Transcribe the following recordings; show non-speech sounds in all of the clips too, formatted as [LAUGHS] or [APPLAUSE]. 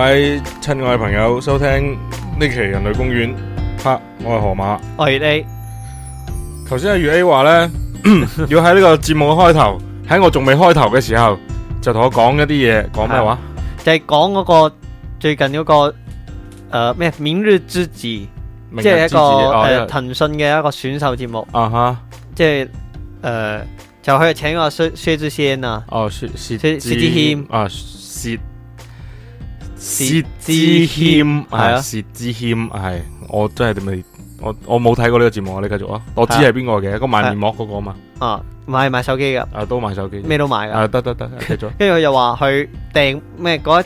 各位親愛朋友，收聽呢期《人類公園》啊，哈！我係河馬，我係 A。頭先係 A 話咧， [LAUGHS] 要喺呢個節目開頭，喺我仲未開頭嘅時候，就同我講一啲嘢，講咩話？就係講嗰個最近嗰、那個誒咩、呃《明日之子》之，即、就、係、是、一個誒騰訊嘅一個選秀節目。啊、uh、哈 -huh. 就是！即係誒，就去請個薛之謙啊。哦，薛薛之謙啊，薛。薛之謙係薛之謙係，我真係點未，我我冇睇過呢個節目啊！你繼續啊，我知係邊個嘅，個賣面膜嗰個啊嘛，啊，唔係賣手機噶，啊，都 [LAUGHS] 賣手機，咩都賣噶，得得得，繼續，跟住佢又話去訂咩，嗰一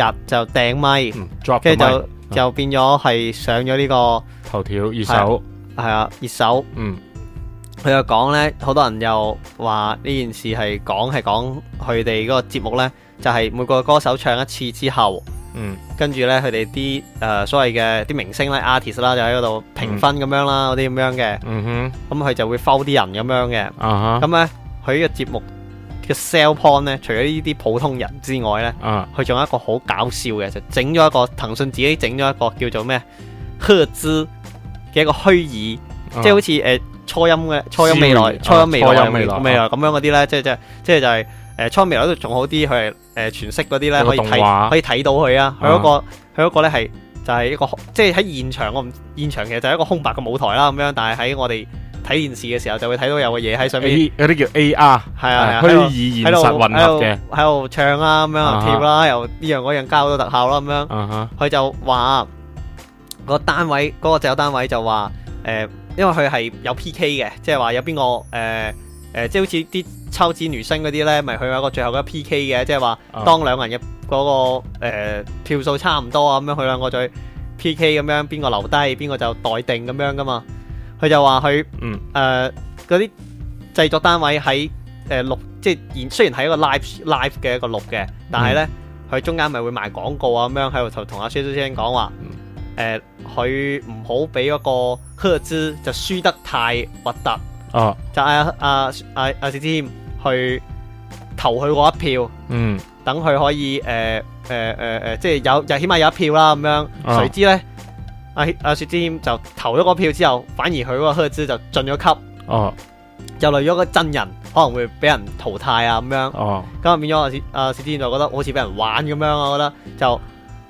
日就訂米，跟住就就變咗係上咗呢個頭條熱搜，係啊熱搜，嗯 [LAUGHS] [LAUGHS] [LAUGHS] Eles eenreib emotions，佢又講咧，好多人又話呢件事係講係講佢哋嗰個節目咧。 [NOISE] g 奇 怪 琛 ug 就係、是、每個歌手唱一次之後，嗯，跟住呢，佢哋啲誒所謂嘅啲明星呢，artist 啦，就喺嗰度評分咁樣啦，嗰啲咁樣嘅，嗯哼，咁、嗯、佢就會 float 啲人咁樣嘅，啊，咁咧佢呢個節目嘅 sell point 呢，除咗呢啲普通人之外呢，佢、啊、仲有一個好搞笑嘅，就整咗一個騰訊自己整咗一個叫做咩，赫茲嘅一個虛擬、啊，即係好似誒、呃、初音嘅初音、啊、初音未來、初音未來、未來啊就是就是呃、初音未來咁樣嗰啲呢，即係即係即係就係誒初音未來都仲好啲，佢。誒全息嗰啲咧，可以睇可以睇到佢，那個、啊！佢嗰個佢嗰個咧係就係、是，一個即係喺現場我唔現場，其實就係一個空白嘅舞台啦咁樣，但係喺我哋睇電視嘅時候就會睇到有個嘢喺上面。嗰啲叫 A R 係啊？啊，虛擬現實混合嘅，喺度唱啦咁樣，跳啦又呢樣嗰樣，加好多特效啦咁樣。佢、啊、就話、那個單位嗰，那個就有單位就話誒、呃，因為佢係有 P K 嘅，即係話有邊個誒。呃誒、呃、即係好似啲抽脂女星嗰啲咧，咪佢有一個最後嘅 P.K. 嘅，即係話當兩個人嘅嗰個誒票數差唔多啊，咁樣佢兩個再 P.K. 咁樣邊個留低，邊個就待定咁樣噶嘛。佢就話佢誒嗰啲製作單位喺誒錄，即係然雖然係一個 live live 嘅一個錄嘅，但係咧佢中間咪會賣廣告啊咁樣喺度同同阿 Super 先生講話，誒，佢唔好俾嗰個赫茲就輸得太核突。哦、oh. 啊，就阿阿阿阿薛之謙去投佢嗰一票，嗯，等佢可以誒誒誒誒，即係有就起碼有一票啦咁樣。誰知咧，阿阿薛之謙就投咗嗰票之後，反而佢嗰個靴子就進咗級。哦、oh.，又嚟咗個真人，可能會俾人淘汰啊咁樣。哦、oh. 啊，咁啊變咗阿薛阿薛之謙就覺得好似俾人玩咁樣，我覺得就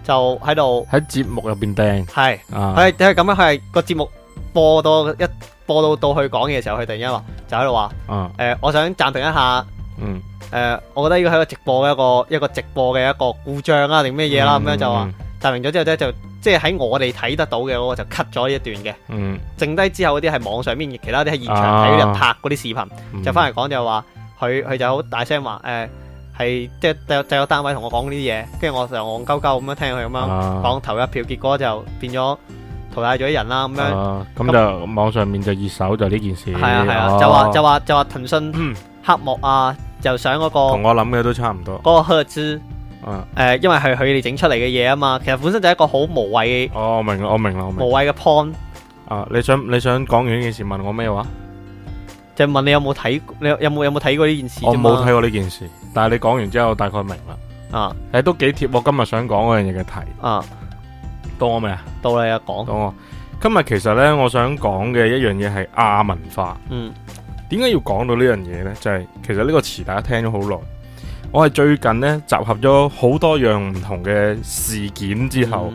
就喺度喺節目入邊掟，係係即係咁樣，係個節目播到一。播到到佢講嘢嘅時候，佢突然間話，就喺度話，誒、啊呃，我想暫停一下，誒、嗯呃，我覺得呢個係個直播嘅一個一個直播嘅一,一,一個故障啊，定咩嘢啦？咁、嗯、樣、嗯嗯、就話暫停咗之後呢就即係喺我哋睇得到嘅嗰個就 cut 咗呢一段嘅、嗯，剩低之後嗰啲係網上面的其他啲係現場睇嗰人拍嗰啲視頻，就翻嚟講就話佢佢就好大聲話，誒係即係製製造單位同我講呢啲嘢，跟住我就戇鳩鳩咁樣聽佢咁樣講投一票，結果就變咗。啊變咗淘汰咗啲人啦，啊，咁樣咁，啊、就那網上面就熱搜就呢件事。係啊係啊，啊哦、就話就話就話騰訊黑幕啊，就上嗰，那個。同我諗嘅都差唔多。嗰，那個 h u r t z 誒，因為係佢哋整出嚟嘅嘢啊嘛，其實本身就係一個好無謂，啊。我明我明啦，我明。無謂嘅 point。啊，你想你想講完呢件事問我咩話？就問你有冇睇，你有冇有冇睇過呢件事？我冇睇過呢件事，但係你講完之後，大概明啦。啊，誒、欸，都幾貼我今日想講嗰樣嘢嘅題。啊。到我未啊？到你啊，講講我今日其實咧，我想講嘅一樣嘢係亞文化。嗯，點解要講到這件事呢樣嘢咧？就係、是、其實呢個詞大家聽咗好耐。我係最近咧集合咗好多樣唔同嘅事件之後，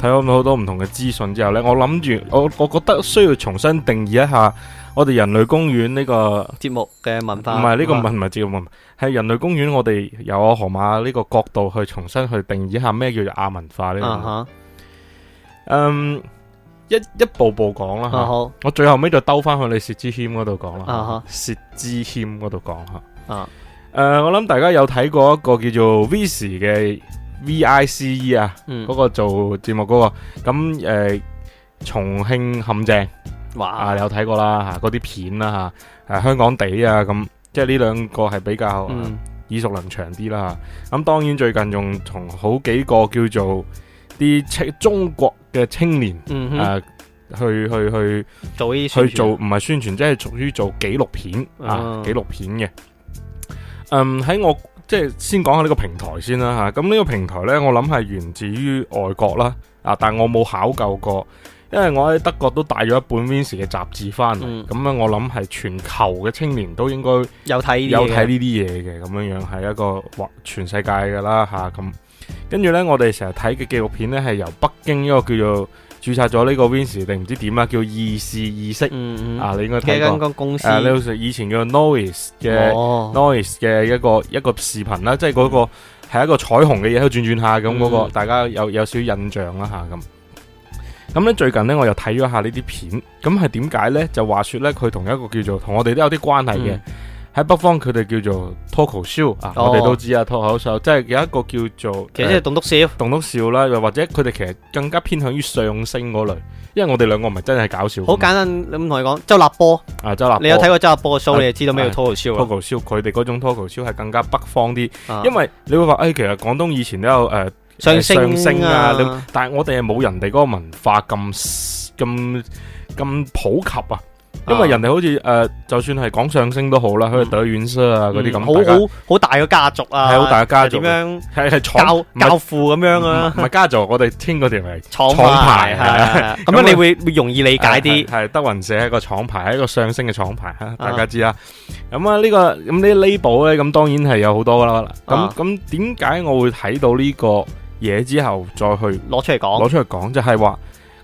睇咗好多唔同嘅資訊之後咧，我諗住我我覺得需要重新定義一下我哋人類公園呢、呢個節目嘅文化。唔係呢個唔、啊、化節目，係人類公園。我哋由阿河馬呢個角度去重新去定義一下咩叫做亞文化呢？啊哈。嗯、um,，一一步步講啦吓，uh -huh. 我最後尾就兜翻去你薛之謙嗰度講啦，uh -huh. 薛之謙嗰度講吓。啊，誒，我諗大家有睇過一個叫做 v i c 嘅 V I C E 啊，嗰、uh -huh. 個做節目嗰、那個，咁誒、呃、重慶陷阱、wow. 啊、你有睇過啦吓，嗰啲片啦、啊、吓，誒、啊、香港地啊咁，即係呢兩個係比較、uh -huh. 啊、耳熟能詳啲啦，咁當然最近仲同好幾個叫做啲中國。嘅青年，誒、嗯啊、去去去做呢？去做唔係宣傳，即係屬於做紀錄片啊，啊！紀錄片嘅，嗯，喺我即係先講下呢個平台先啦嚇。咁、啊、呢個平台呢，我諗係源自於外國啦，啊，但我冇考究過，因為我喺德國都帶咗一本《Vinci》嘅雜誌翻嚟，咁、嗯、咧、啊、我諗係全球嘅青年都應該有睇呢啲嘢嘅，咁樣樣係一個全世界嘅啦嚇咁。啊跟住呢，我哋成日睇嘅紀錄片呢，係由北京一個叫做注冊咗呢個 Vince 十定唔知點啊，叫意事意識意識、嗯、啊，你應該睇過個公司。啊，呢個以前叫做 noise、哦 Noise 嘅 Noise 嘅一個一個視頻啦、哦，即係嗰、那個係、嗯、一個彩虹嘅嘢，轉轉下咁，嗰、那個大家有有少印象啦吓咁。咁呢，最近呢，我又睇咗下呢啲片，咁係點解呢？就話說呢，佢同一個叫做同我哋都有啲關係嘅。嗯喺北方佢哋叫做脫口秀啊，oh. 我哋都知啊，脫口秀即係有一個叫做，其實即係棟篤笑，棟、呃、篤笑啦，又或者佢哋其實更加偏向於相聲嗰類，因為我哋兩個唔係真係搞笑的。好簡單咁同你講，周立波啊，周立，你有睇過周立波嘅 show，啊、你就知道咩叫脫口秀。脫口秀，佢哋嗰種脫口秀係更加北方啲、啊，因為你會話，誒、哎，其實廣東以前都有誒相聲啊，啊但係我哋係冇人哋嗰個文化咁咁咁普及啊。因為人哋好似誒、啊呃，就算係講相聲都好啦，佢哋德雲社啊嗰啲咁，好好好大嘅家族啊，係好大嘅家族，咁樣係係創教父咁樣啊，唔係家族，我哋聽嗰條嚟廠牌係，咁、啊啊、啊啊樣你會會容易理解啲。係、嗯、德雲社係一個廠牌，係一個相聲嘅廠牌，大家知啦。咁啊、嗯，嗯嗯這個、呢個咁啲 label 咧，咁當然係有好多啦。咁咁點解我會睇到呢個嘢之後再去攞出嚟講？攞出嚟講就係、是、話。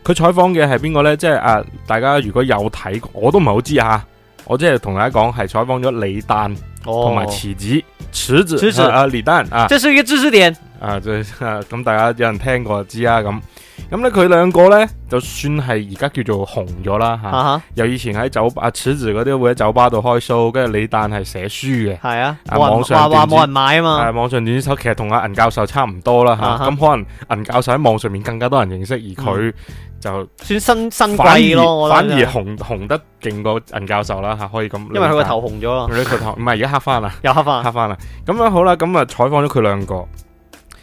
佢採訪嘅係邊個呢？即係啊！大家如果有睇過，我都唔係好知嚇、啊。我即係同大家講，係採訪咗李誕同埋池、哦、池子，池子，池子啊！李誕啊，這是一個知識點啊！咁、啊、大家有人聽過就知啊咁。咁咧佢兩個咧，就算係而家叫做紅咗啦吓，由以前喺酒吧、池子嗰啲會喺酒吧度開 show，跟住李誕係寫書嘅，係啊，網上話話冇人買啊嘛，係網上短手其實同阿銀教授差唔多啦吓，咁、uh -huh、可能銀教授喺網上面更加多人認識，而佢就、嗯、算新新貴咯，反而紅紅得勁過銀教授啦吓，可以咁，因為佢個頭紅咗咯，佢個頭唔係而家黑翻啦，又黑翻，黑翻啦，咁樣好啦，咁啊採訪咗佢兩個。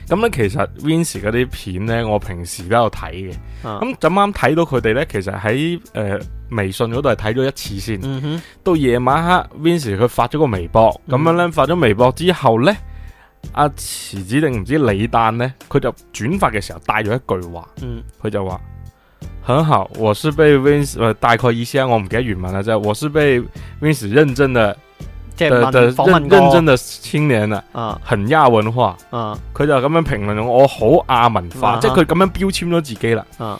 咁咧、啊，其實 Vince 嗰啲片咧，我平時都有睇嘅。咁咁啱睇到佢哋咧，其實喺誒微信嗰度係睇咗一次先。嗯、哼到夜晚黑 Vince 佢發咗個微博，咁、嗯、樣咧發咗微博之後咧，阿、啊、池子定唔知李誕咧，佢就轉發嘅時候帶咗一句話，佢、嗯、就話：很好，我是被 Vince 誒大概意思啊，我唔記得原文啦，就係、是、我是被 Vince 認真嘅。即係認認真嘅青年啊，啊很亞文化，佢、啊、就咁樣評論我，好亞文化，啊、即係佢咁樣標籤咗自己啦。咁、啊、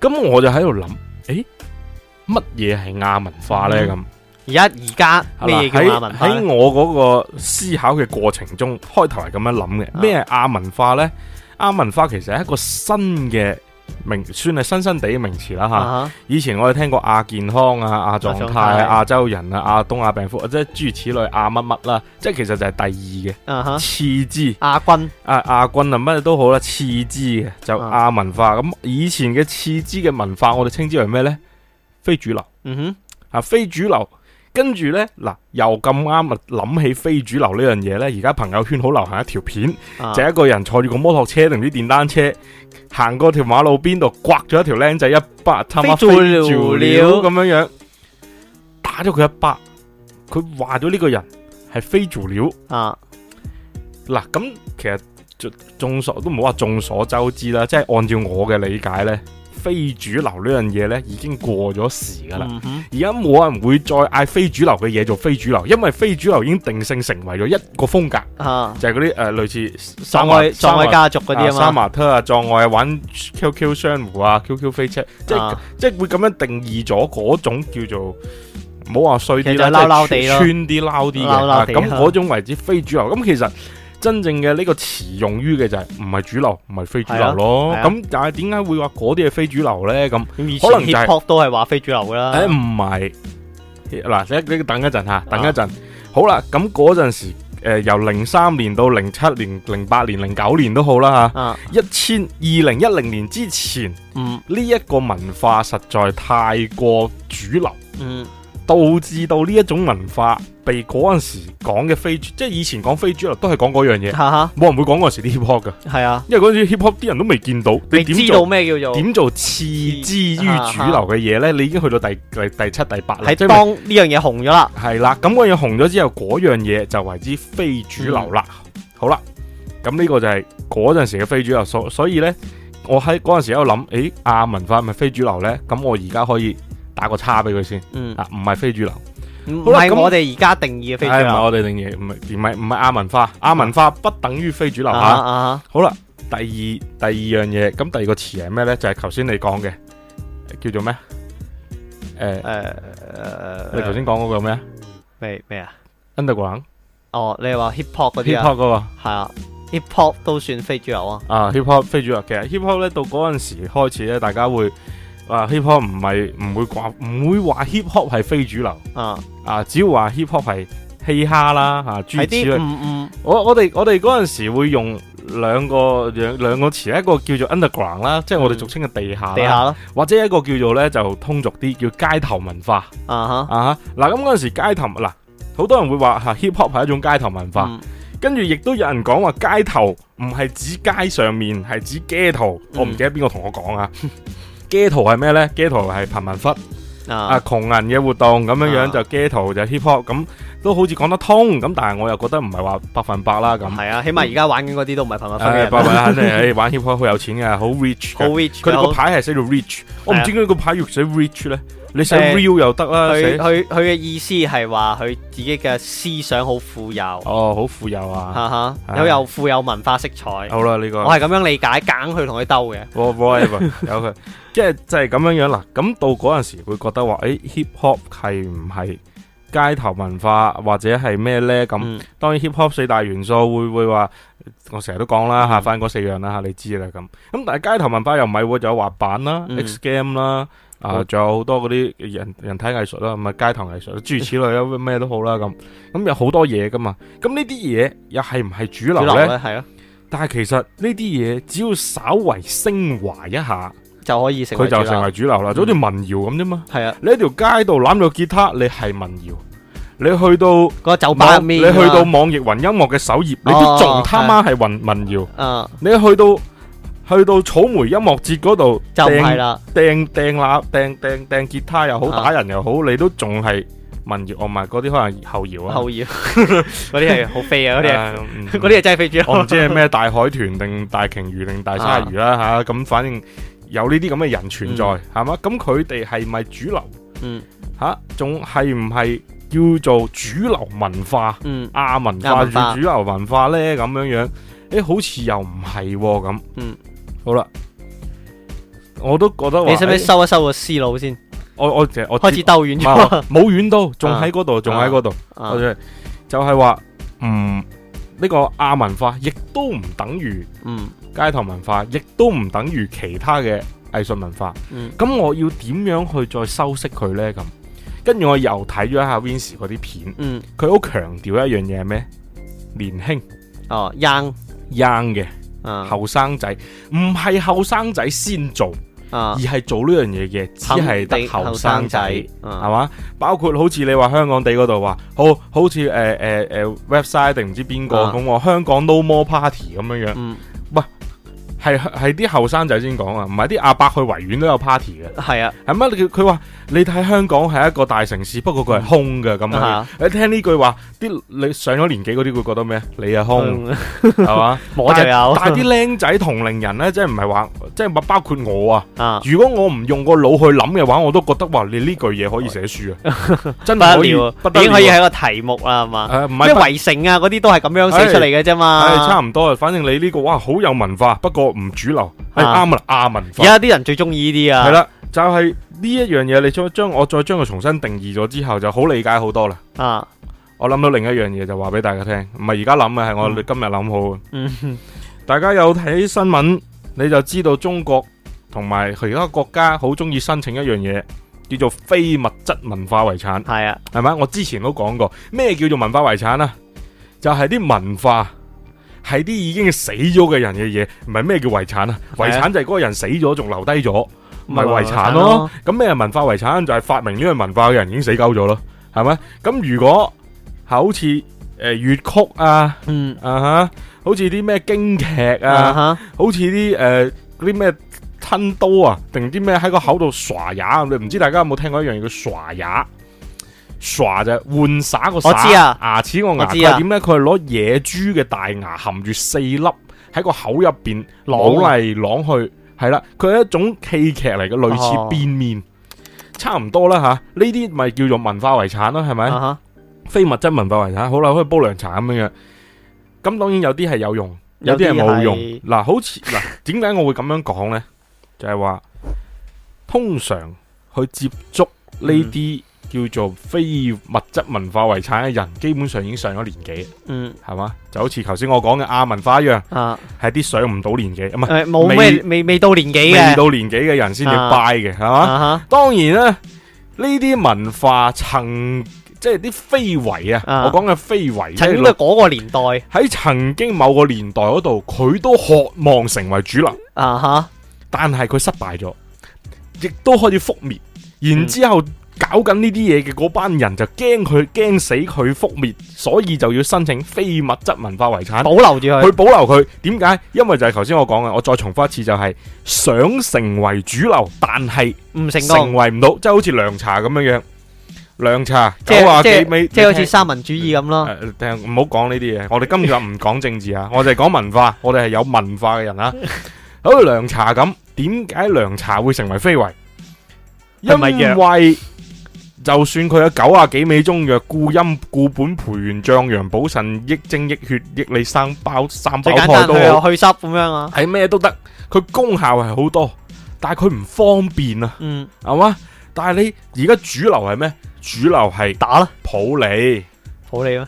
我就喺度諗，誒、欸，乜嘢係亞文化咧？咁而家而家咩嘢？喺我嗰個思考嘅過程中，開頭係咁樣諗嘅，咩係亞文化咧？亞、啊、文化其實係一個新嘅。算是身身名算係新新哋名詞啦吓，啊 uh -huh. 以前我哋聽過亞健康啊、亞狀態、亞、uh -huh. 洲人啊、亞東亞病夫，uh -huh. 即係諸如此類亞乜乜啦，即係其實就係第二嘅，次之，亞軍，啊亞軍啊乜都好啦，次之嘅就亞文化，咁、uh -huh. 以前嘅次之嘅文化，我哋稱之為咩呢？非主流，嗯、uh、哼 -huh. 啊，啊非主流。跟住呢，嗱又咁啱啊諗起非主流呢樣嘢呢，而家朋友圈好流行一條片，啊、就係、一個人坐住個摩托車定啲電單車行過條馬路邊度，刮咗一條靚仔一巴，他媽非主流咁樣樣，打咗佢一巴，佢話咗呢個人係非主流啊。嗱、啊，咁其實眾所都唔好話眾所周知啦，即係按照我嘅理解呢。非主流事呢樣嘢呢已經過咗時噶啦。而家冇人會再嗌非主流嘅嘢做非主流，因為非主流已經定性成為咗一個風格，啊、就係嗰啲誒類似葬愛家族嗰啲啊嘛。殺馬特啊，葬愛玩 QQ 商戶啊，QQ 飛車，即、啊、即會咁樣定義咗嗰種叫做唔好話衰啲啦，即、就是、穿啲撈啲嘅。咁嗰、啊、種為止、嗯、非主流。咁其實。真正嘅呢個詞用於嘅就係唔係主流，唔係非主流咯。咁、啊啊、但係點解會話嗰啲嘢非主流呢？咁可能、就是、h i 都係話非主流的啦。誒唔係，嗱你等一陣吓，等一陣、啊。好啦，咁嗰陣時誒、呃、由零三年到零七年、零八年、零九年都好啦吓。一千二零一零年之前，嗯呢一、這個文化實在太過主流。嗯。導致到呢一種文化被嗰陣時講嘅非主流，即係以前講非主流，非主流都係講嗰樣嘢，冇 [LAUGHS] 人會講嗰陣時 hip hop 噶，係啊，因為嗰陣時 hip hop 啲人都未見到，你點知道咩叫做點做次之於主流嘅嘢呢？ [LAUGHS] 你已經去到第第七、第八、就是、是啦，係當呢樣嘢紅咗啦，係啦，咁嗰樣嘢紅咗之後，嗰樣嘢就為之非主流啦、嗯。好啦，咁呢個就係嗰陣時嘅非主流，所以所以呢，我喺嗰陣時喺度諗，誒、欸，亞文化係咪非主流呢？」咁我而家可以。打個叉俾佢先、嗯，啊，唔係非主流，唔係咁我哋而家定義嘅非主流，唔係我哋定義唔係唔係唔係亞文化，亞文化不等於非主流啊，啊，好啦，第二第二樣嘢，咁第二個詞係咩咧？就係頭先你講嘅、啊、叫做咩？誒誒誒，你頭先講嗰個咩？咩、呃、咩、呃、啊？Underground？哦，你話 hip hop 嗰啲、啊、hip hop 嗰、嗰個係啊？hip hop 都算非主流啊？啊，hip hop 非主流，其實 hip hop 咧到嗰陣時開始咧，大家會。啊、uh，hip hop 唔係唔會掛，唔會話 hip hop 係非主流。啊啊，只要話 hip hop 係嘻哈啦啊，諸如此類。我哋我哋嗰陣時會用兩個兩兩個詞，一個叫做 underground 啦，即係我哋俗稱嘅地下。啦，uh -huh. 或者一個叫做呢就通俗啲叫街頭文化。啊哈啊嗱咁嗰陣時街頭，嗱好多人會話吓 hip hop 係一種街頭文化，跟住亦都有人講話街頭唔係指街上面，係指街頭。Uh -huh. 我唔記得邊個同我講啊。 [LAUGHS] Ghetto 係咩咧？Ghetto 係貧民窟啊！窮人嘅活動咁樣樣、啊、就 Ghetto 就 hiphop 咁都好似講得通咁，但係我又覺得唔係話百分百啦咁。係啊，起碼而家玩緊嗰啲都唔係貧民窟嘅人。啊百 [LAUGHS] 欸、玩 hiphop 好有錢嘅，好 rich，好 rich。佢 [LAUGHS] 哋個牌係寫到 rich，、啊、我唔知點解個牌要寫 rich 咧。你想 real 又得啦，佢佢嘅意思係話佢自己嘅思想好富有，哦，好富有啊，吓吓，又又富有文化色彩。好、啊、啦，呢個我係咁樣理解，揀佢同佢兜嘅。 [LAUGHS] 有佢，即係就係、是、咁樣樣啦。咁到嗰陣時會覺得話，誒、欸、，hip hop 係唔係街頭文化或者係咩咧？咁、嗯、當然 hip hop 四大元素會唔會話？我成日都講啦吓，翻、嗯、嗰四樣啦吓，你知啦咁。咁但係街頭文化又唔係喎，有滑板啦、嗯、，X game 啦。啊，仲有好多嗰啲人人體藝術啦，街頭藝術，諸如此類，咩咩都好啦，咁咁有好多嘢噶嘛，咁呢啲嘢又係唔係主流咧？係咯，但係其實呢啲嘢只要稍為升華一下就可以成，佢就成為主流啦，就好、嗯、似民謠咁啫嘛。係啊，你喺條街度攬到吉他，你係民謠；你去到、那個酒吧入面、啊，你去到網易雲音樂嘅首頁，你都仲他媽係民民謠、啊。啊，你去到。去到草莓音樂節嗰度就係、是、啦，掟掟啦掟掟掟吉他又好，打人又好、啊，你都仲係民謠，唔係嗰啲可能後搖 [LAUGHS] 啊，後搖嗰啲係好飛啊，嗰啲係嗰啲係真係飛豬咯。我唔知係咩大海豚定大鯨魚定大鯊魚啦吓，咁、啊啊、反正有呢啲咁嘅人存在係嘛？咁佢哋係咪主流？嗯，吓仲係唔係叫做主流文化？嗯，亞文化,亞文化主流文化咧咁樣樣，誒、欸、好似又唔係咁嗯。好啦，我都覺得你使唔使收一收個思路先？我我，我開始兜遠咗，冇遠到，仲喺嗰度，仲喺嗰度。就係話唔，呢個亞文化，亦都唔等於嗯，街頭文化，亦、嗯、都唔等於其他嘅藝術文化。咁、嗯、我要點樣去再修飾佢呢？咁跟住我又睇咗一下 Wins 嗰啲片，嗯，佢好強調一樣嘢係咩？年輕哦、啊、，young young 嘅。後生仔唔係後生仔先做，啊、而係做呢樣嘢嘅，只係得後生仔係嘛？包括好似你話香港地嗰度話，好好似誒誒誒 website 定唔知邊個咁話香港 no more party 咁樣樣。嗯係係啲後生仔先講啊，唔係啲阿伯去維園都有 party 嘅。係啊是，係乜？佢話你睇香港係一個大城市，不過佢係空嘅，咁你聽呢句話，啲你上咗年紀嗰啲會覺得咩？你啊空係嘛？ [LAUGHS] 我就有但 [LAUGHS] 但。但係啲靚仔同齡人咧，即係唔係話，即係包括我啊。啊如果我唔用個腦去諗嘅話，我都覺得哇你話你呢句嘢可以寫書啊， [LAUGHS] 真係可以。已經可以係一個題目啊？係嘛？咩圍城啊？嗰啲都係咁樣寫出嚟嘅啫嘛。差唔多，反正你呢、這個哇好有文化，不過。唔主流係啱啦，亞、哎啊、文化而家啲人最中意呢啲啊，係啦，就係呢一樣嘢，你再將我再將佢重新定義咗之後，就好理解好多啦。啊，我諗到另一樣嘢，就話俾大家聽，唔係而家諗嘅，係我今日諗好嘅、嗯嗯。大家有睇新聞，你就知道中國同埋其他國家好中意申請一樣嘢，叫做非物質文化遺產。係啊，係咪？我之前都講過，咩叫做文化遺產啊？就係、是、啲文化。係啲已經死咗嘅人嘅嘢，唔係咩叫遺產啊？遺產就係嗰個人死咗仲留低咗，唔係遺產咯。咁咩係文化遺產？就係、是、發明呢個文化嘅人已經死鳩咗咯，係咪？咁如果係好似誒粵曲啊，嗯啊吓，uh -huh, 好似啲咩京劇啊，吓、uh -huh.，好似啲誒啲咩吞刀啊，定啲咩喺個口度耍牙，唔知大家有冇聽過一樣嘢叫耍牙？唰就換耍個灑牙齒個牙，係點咧？佢係攞野豬嘅大牙含住四粒喺個口入邊攞嚟，攞去，係啦。佢係一種戲劇嚟嘅，類似變面，啊、差唔多啦吓。呢啲咪叫做文化遺產咯，係咪，啊？非物質文化遺產。好啦，可以煲涼茶咁樣。咁當然有啲係有用，有啲係冇用。嗱，好似嗱，點解 [LAUGHS] 我會咁樣講呢？就係、是、話通常去接觸呢啲。嗯叫做非物質文化遺產嘅人，基本上已經上咗年紀，嗯，係嘛，就好似頭先我講嘅亞文化一樣，啊，係啲上唔到年紀，唔係冇未未未到年紀嘅，未到年紀嘅人先至拜嘅，係嘛、啊？當然咧，呢啲文化曾，即係啲非遺啊，我講嘅非遺曾經嘅嗰個年代喺、就是、曾經某個年代嗰度，佢都渴望成為主流啊，吓，但係佢失敗咗，亦都可以覆滅，然之後、嗯、後。搞緊呢啲嘢嘅嗰班人就驚佢，驚死佢覆滅，所以就要申請非物質文化遺產保留住佢，去保留佢。點解？因為就係頭先我講嘅，我再重複一次就係想成為主流，但係唔成功，成為唔到，即係好似涼茶咁樣樣。涼茶即係話幾味，即係好似三民主義咁咯。聽唔好講呢啲嘢，我哋今日唔講政治啊，我哋講文化，我哋係有文化嘅人啊。好似涼茶咁，點解涼茶會成為非遺？因為就算佢有九啊幾味中藥，固陰固本培元、壯陽補腎、益精益血、益你生包三寶派都。最簡單去濕咁樣啊？係咩都得，佢功效係好多，但係佢唔方便啊。嗯，係嘛？但係你而家主流係咩？主流係打啦，普洱，普洱咩？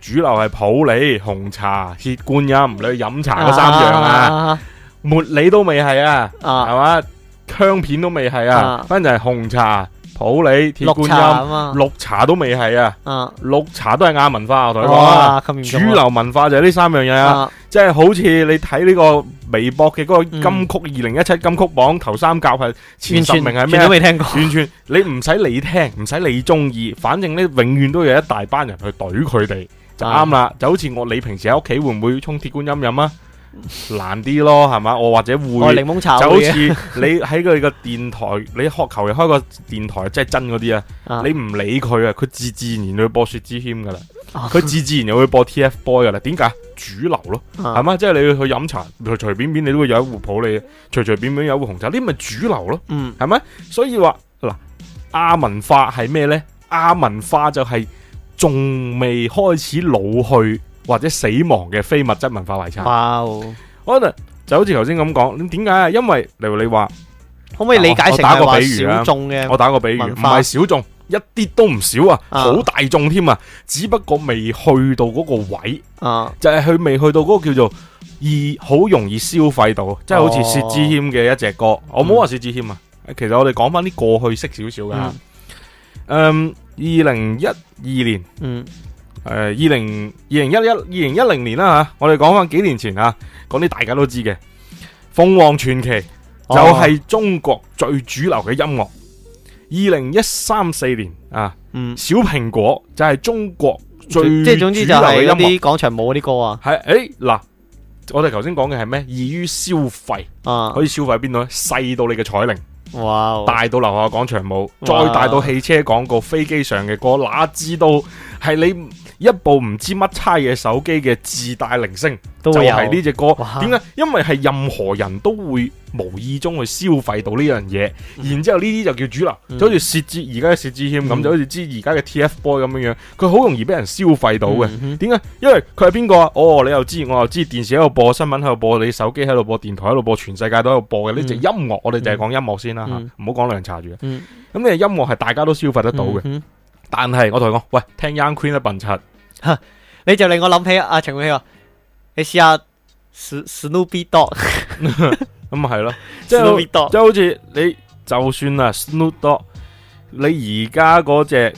主流係普洱紅茶、鐵觀音，你去飲茶嗰三樣啊。茉莉都未係啊，係、啊、嘛、啊啊？香片都未係啊，啊啊反正就係紅茶。好你，鐵觀音綠，綠茶都未係啊，啊，綠茶都係亞文化、啊、我同你講、啊啊、主流文化就係呢三樣嘢啊，啊，即係好似你睇呢個微博嘅嗰個金曲二零一七金曲榜、嗯、頭三甲係前十名係咩啊？全都未聽過完全，你唔使你聽，唔使你中意，反正咧永遠都有一大班人去懟佢哋就啱啦、啊，就好似我你平時喺屋企會唔會沖鐵觀音飲啊？難啲咯，係嘛？我或者會檸檬茶，就好似你喺佢個電台，你學求嚟開個電台，即係真嗰啲啊！Uh -huh. 你唔理佢啊，佢自自然然就會播薛之謙噶啦，佢、uh -huh. 自自然又會播 T F Boy 噶啦。點解？主流咯，係、uh、嘛 -huh.？即、就、係、是、你去飲茶，隨隨便，便便你都會有一壺普洱，隨隨便，便便有一壺紅茶，呢咪主流咯？嗯，係咪？所以話嗱，亞、啊、文化係咩呢？亞文化就係仲未開始老去，或者死亡嘅非物質文化遺產、wow。哇！我嗱就好似頭先咁講，咁點解啊？因為例如你話，可唔可以理解成係小眾嘅？我打個比喻，唔係小眾，一啲都唔少啊，好、啊、大眾添啊！只不過未去到嗰個位，啊、就係、是、佢未去到嗰個叫做易好容易消費到，即、就、係、是、好似薛之謙嘅一隻歌。哦、我唔好話薛之謙啊，其實我哋講翻啲過去式少少噶。嗯，二零一二年，嗯。誒、uh,，二零二零一一二零一零年啦吓，我哋講翻幾年前啊，講啲大家都知嘅《鳳凰傳奇》oh. 就係、是、中國最主流嘅音樂。二零一三四年啊、uh, mm.，小蘋果就係、是、中國最即係總之就係嗰啲廣場舞嗰啲歌啊。係誒嗱，我哋頭先講嘅係咩？易於消費啊、uh.，可以消費喺邊度咧？細到你嘅彩鈴哇，大、wow. 到樓下廣場舞，wow. 再大到汽車廣告、wow. 飛機上嘅歌，哪知道係你？一部唔知乜差嘢手機嘅自帶鈴聲，就係呢隻歌。點解？因為係任何人都會無意中去消費到呢樣嘢，然之後呢啲就叫主流。就好似薛之而家嘅薛之謙咁，就好似知而家嘅 T F Boy 咁樣樣，佢好容易俾人消費到嘅。點、嗯、解、嗯？因為佢係邊個啊？哦，你又知，我又知。電視喺度播，新聞喺度播，你手機喺度播，電台喺度播，全世界都喺度播嘅呢隻音樂。我哋淨係講音樂先啦吓，唔好講涼茶住。咁呢隻音樂係大家都消費得到嘅。嗯嗯但係我同佢講，喂，聽 Yan Queen 都笨柒，你就令我諗起阿陳永熙啊，你試下 Snoop Dogg，咁 [LAUGHS] 咪 [LAUGHS] 係咯，就是，即係 Snoop Dogg，即係好似你就算啊 Snoop Dogg，你而家嗰隻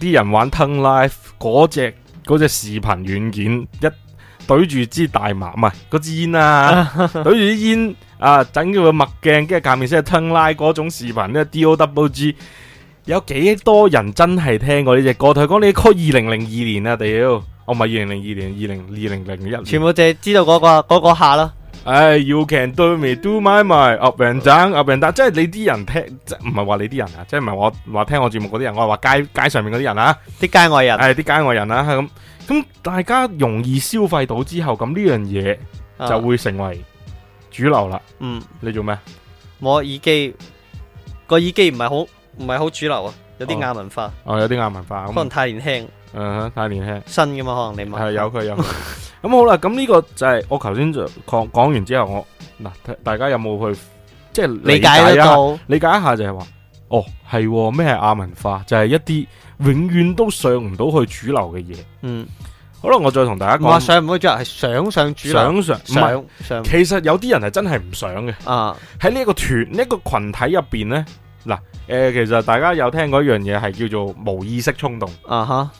啲人玩 Thug Life 嗰隻嗰隻視頻軟件，一懟住一支大麻唔係，嗰支煙啊，懟 [LAUGHS] 住啲煙啊，整咗個墨鏡，跟住下面先係 Thug Life 嗰種視頻，呢、這個 D-O-double-G。有幾多人真係聽過呢隻歌？佢講呢曲二零零二年啊，屌、哦！我唔係二零零二年，二零二零零一年全部就係知道嗰、那個、那個下啦。唉、哎、，You can do me do my mind up and down up and down，、嗯、即係你啲人聽，唔係話你啲人，人，人啊，即係唔係我話聽我節目嗰啲人，我係話街街上面嗰啲人啊，啲街外人，係、哎、啲街外人啊。咁咁大家容易消費到之後，咁呢樣嘢就會成為主流啦、啊。嗯，你做咩？我耳機個耳機唔係好。唔係好主流啊，有啲亞文化哦，哦，有啲亞文化，可能太年輕，嗯，太年輕，新噶嘛，可能你係有佢有咁 [LAUGHS] 好啦。咁呢個就係我頭先就講講完之後，我嗱大家有冇去即係、就是、理解，一下理解到理解一下就係話哦係咩係亞文化就係、是、一啲永遠都上唔到去主流嘅嘢。嗯，好啦，我再同大家講上唔去，即係想上主流，想上唔係其實有啲人係真係唔想嘅啊！喺呢一個團一、呢個群體入邊咧。嗱，誒，其實大家有聽過一樣嘢係叫做無意識衝動。啊哈，